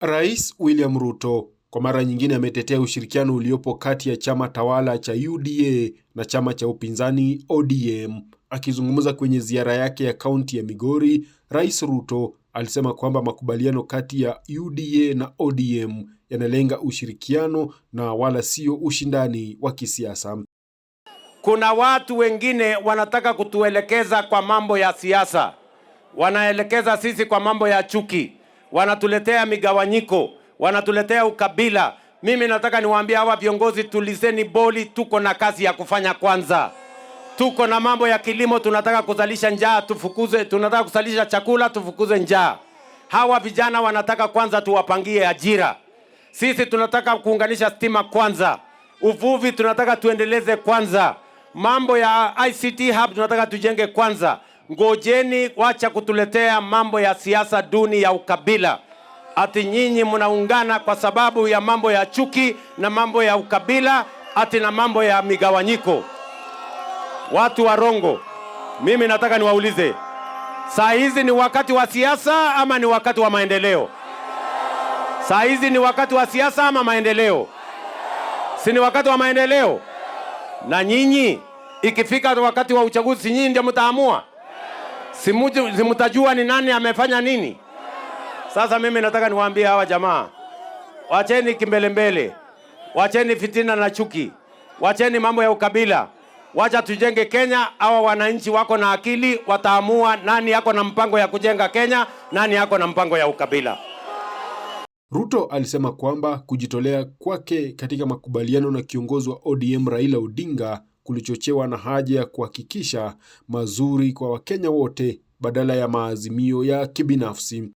Rais William Ruto kwa mara nyingine ametetea ushirikiano uliopo kati ya chama tawala cha UDA na chama cha upinzani ODM. Akizungumza kwenye ziara yake ya kaunti ya Migori, Rais Ruto alisema kwamba makubaliano kati ya UDA na ODM yanalenga ushirikiano na wala sio ushindani wa kisiasa. Kuna watu wengine wanataka kutuelekeza kwa mambo ya siasa, wanaelekeza sisi kwa mambo ya chuki, wanatuletea migawanyiko, wanatuletea ukabila. Mimi nataka niwaambie hawa viongozi, tulizeni boli, tuko na kazi ya kufanya kwanza. Tuko na mambo ya kilimo, tunataka kuzalisha njaa tufukuze, tunataka kuzalisha chakula tufukuze njaa. Hawa vijana wanataka kwanza tuwapangie ajira. Sisi tunataka kuunganisha stima kwanza, uvuvi tunataka tuendeleze kwanza Mambo ya ICT hub tunataka tujenge kwanza. Ngojeni, wacha kutuletea mambo ya siasa duni ya ukabila, ati nyinyi mnaungana kwa sababu ya mambo ya chuki na mambo ya ukabila, ati na mambo ya migawanyiko. Watu wa Rongo, mimi nataka niwaulize, saa hizi ni wakati wa siasa ama ni wakati wa maendeleo? Saa hizi ni wakati wa siasa ama maendeleo? Si ni wakati wa maendeleo? na nyinyi ikifika wakati wa uchaguzi, nyinyi ndio mtaamua, si ni nani amefanya nini. Sasa mimi nataka niwaambie hawa jamaa, wacheni kimbelembele, wacheni fitina na chuki, wacheni mambo ya ukabila. Wacha tujenge Kenya. awa wananchi wako na akili, wataamua nani yako na mpango ya kujenga Kenya, nani yako na mpango ya ukabila. Ruto alisema kwamba kujitolea kwake katika makubaliano na kiongozi wa ODM Raila Odinga kulichochewa na haja ya kuhakikisha mazuri kwa Wakenya wote badala ya maazimio ya kibinafsi.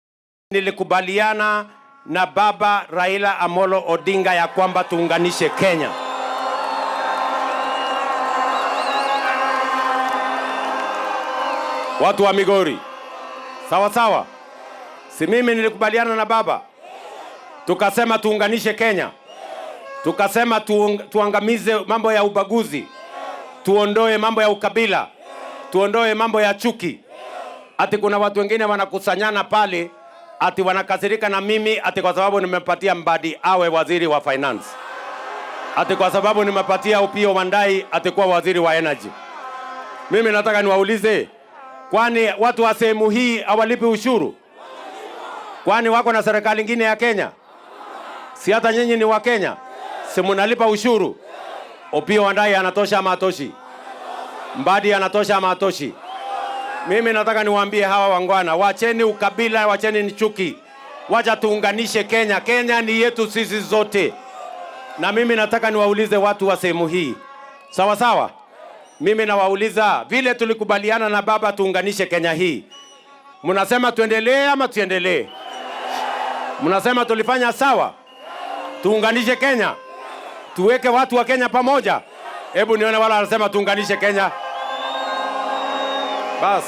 Nilikubaliana na baba Raila Amolo Odinga ya kwamba tuunganishe Kenya. Watu wa Migori, sawa sawa, si mimi nilikubaliana na baba tukasema tuunganishe Kenya, tukasema tuung, tuangamize mambo ya ubaguzi, tuondoe mambo ya ukabila, tuondoe mambo ya chuki. Ati kuna watu wengine wanakusanyana pale, ati wanakasirika na mimi, ati kwa sababu nimepatia Mbadi awe waziri wa finance, ati kwa sababu nimepatia Opiyo Wandayi atakuwa waziri wa energy. Mimi nataka niwaulize, kwani watu wa sehemu hii hawalipi ushuru? Kwani wako na serikali ingine ya Kenya? Si hata nyinyi ni Wakenya? Si mnalipa ushuru? Opio wandaye anatosha ama atoshi? Mbadi anatosha ama atoshi? Mimi nataka niwaambie hawa wangwana, wacheni ukabila, wacheni ni chuki, wacha tuunganishe Kenya. Kenya ni yetu sisi zote, na mimi nataka niwaulize watu wa sehemu hii, sawa sawa. Mimi nawauliza vile tulikubaliana na baba tuunganishe Kenya hii, mnasema tuendelee ama tuendelee? Mnasema tulifanya sawa? Tuunganishe Kenya, tuweke watu wa Kenya pamoja. Hebu nione wala wanasema tuunganishe Kenya. bas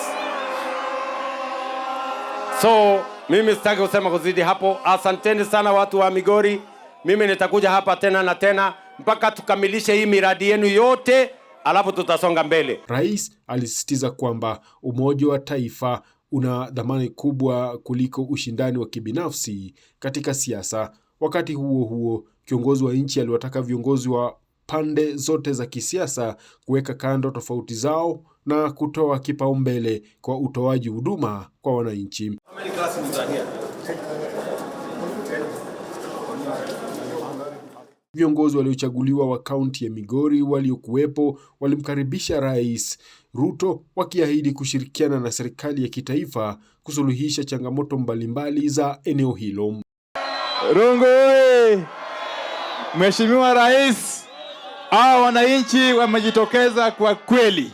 so mimi sitaki kusema kuzidi hapo. Asanteni sana watu wa Migori, mimi nitakuja hapa tena na tena mpaka tukamilishe hii miradi yenu yote, alafu tutasonga mbele. Rais alisisitiza kwamba umoja wa taifa una dhamani kubwa kuliko ushindani wa kibinafsi katika siasa. Wakati huo huo, kiongozi wa nchi aliwataka viongozi wa pande zote za kisiasa kuweka kando tofauti zao na kutoa kipaumbele kwa utoaji huduma kwa wananchi. Viongozi waliochaguliwa wa kaunti ya Migori waliokuwepo walimkaribisha Rais Ruto wakiahidi kushirikiana na serikali ya kitaifa kusuluhisha changamoto mbalimbali za eneo hilo. Rungu oye! Mheshimiwa Rais, hawa wananchi wamejitokeza kwa kweli.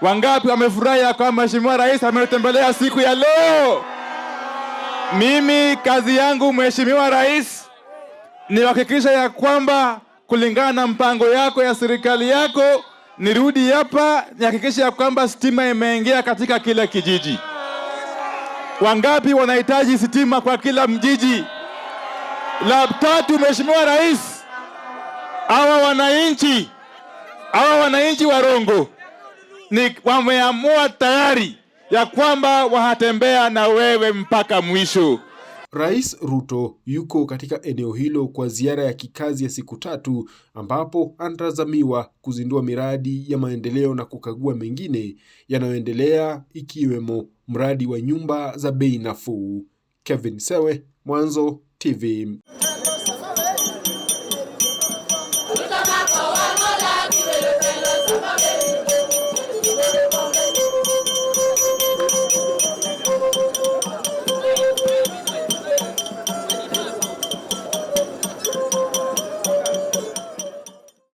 Wangapi wamefurahi kwamba Mheshimiwa Rais ametembelea siku ya leo? Mimi kazi yangu Mheshimiwa Rais ni kuhakikisha ya kwamba kulingana na mpango yako ya serikali yako, nirudi hapa nihakikisha ya kwamba stima imeingia katika kila kijiji. Wangapi wanahitaji stima kwa kila mjiji? La tatu, Mheshimiwa Rais, hawa wananchi hawa wananchi wa Rongo ni wameamua tayari ya kwamba watatembea na wewe mpaka mwisho. Rais Ruto yuko katika eneo hilo kwa ziara ya kikazi ya siku tatu ambapo anatazamiwa kuzindua miradi ya maendeleo na kukagua mengine yanayoendelea ikiwemo mradi wa nyumba za bei nafuu. Kevin Sewe, Mwanzo. TV.